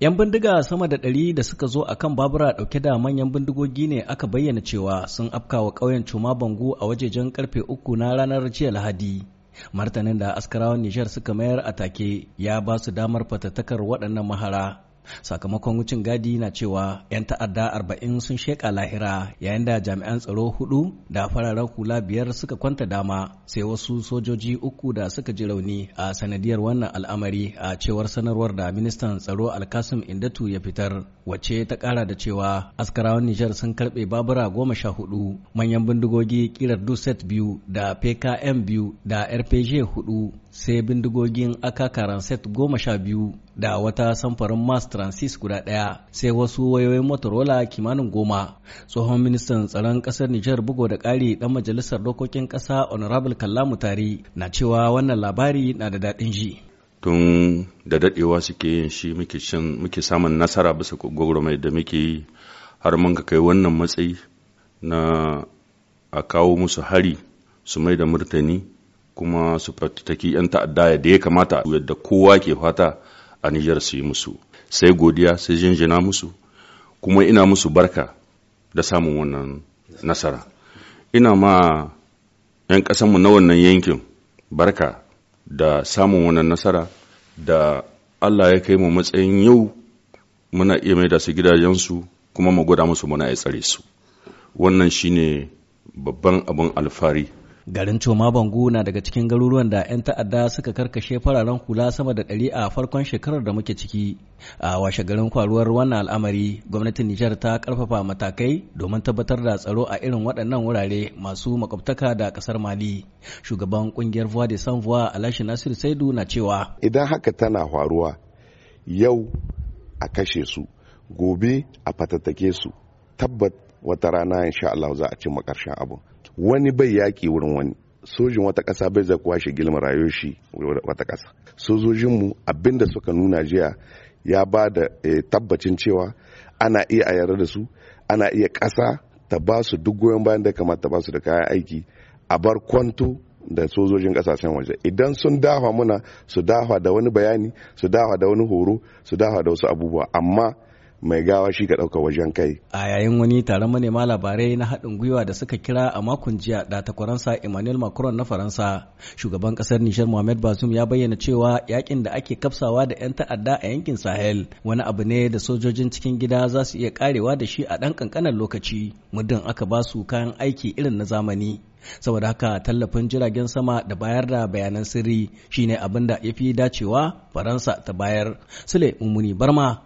'Yan bindiga sama da ɗari da suka zo a kan babura ɗauke da manyan bindigogi ne aka bayyana cewa sun afkawa ƙauyen Cuma Bangu a wajejen karfe uku na ranar jiya Lahadi. Martanin da askarawan Nijar suka mayar a take ya ba su damar fatattakar waɗannan mahara. sakamakon wucin gadi na cewa 'yan ta'adda arba'in sun sheƙa lahira yayin da jami'an tsaro hudu da fararen hula biyar suka kwanta dama sai wasu sojoji uku da suka ji rauni a sanadiyar wannan al'amari a cewar sanarwar da ministan tsaro alkasim indatu ya fitar wacce ta kara da cewa askarawan nijar sun karbe babura goma sha hudu manyan bindigogi kirar duset biyu da pkm biyu da rpg hudu sai bindigogin akakaran set goma sha biyu da wata samfarin mass transis guda daya sai wasu wayoyin motorola kimanin goma tsohon ministan tsaron kasar nijar bugo da ƙari ɗan majalisar dokokin ƙasa honorable kallamu tari na cewa wannan labari na da daɗin ji tun da daɗewa suke yin shi muke samun nasara bisa mai da muke yi har mun ka kai wannan matsayi na a kawo musu hari su mai da murtani kuma su fatattaki 'yan ta'adda da ya kamata yadda kowa ke fata a Nijar su yi musu sai godiya sai jinjina musu kuma ina musu barka da samun wannan nasara ina ma 'yan ƙasanmu na wannan yankin barka da samun wannan nasara da Allah ya kai mu matsayin yau muna iya mai da su gidajensu kuma mu gwada musu muna ya tsare su wannan shine babban abin alfari Garin Coma Bangu na daga cikin garuruwan da 'yan ta'adda suka karkashe fararen hula sama da ɗari a farkon shekarar da muke ciki. A washe garin kwaruwar wannan al'amari, gwamnatin Nijar ta karfafa matakai domin tabbatar da tsaro a irin waɗannan wurare masu makwabtaka da ƙasar Mali. Shugaban ƙungiyar Voix de San Voix Alhaji Nasir Saidu na cewa. Idan haka tana faruwa, yau a kashe su, gobe a fatattake su, tabbat wata rana insha Allah za a karshen abu. wani bai yaƙi wurin wani sojin wata ƙasa bai zai kwashe gilma rayuwar shi wata ƙasa sojojinmu abinda suka nuna jiya ya ba da eh, tabbacin cewa ana iya a da su ana iya ƙasa ta ba su duk goyon bayan da kamata ba su da kayan aiki a bar kwanto da sojojin kasashen waje idan sun dafa muna su dafa da wani bayani su dafa da wani horo su dafa da wasu abubuwa amma mai gawa shi ka ɗauka wajen kai. A yayin wani taron manema labarai na haɗin gwiwa da suka kira a makon jiya da takwaransa Emmanuel Macron na Faransa, shugaban ƙasar Nishar Mohamed Bazoum ya bayyana cewa yakin da ake kafsawa da 'yan ta'adda a yankin Sahel wani abu ne da sojojin cikin gida za su iya ƙarewa da shi a ɗan ƙanƙanan lokaci muddin aka ba su kayan aiki irin na zamani. saboda haka tallafin jiragen sama da bayar da bayanan sirri shine abin da ya fi dacewa faransa ta bayar sule mummuni barma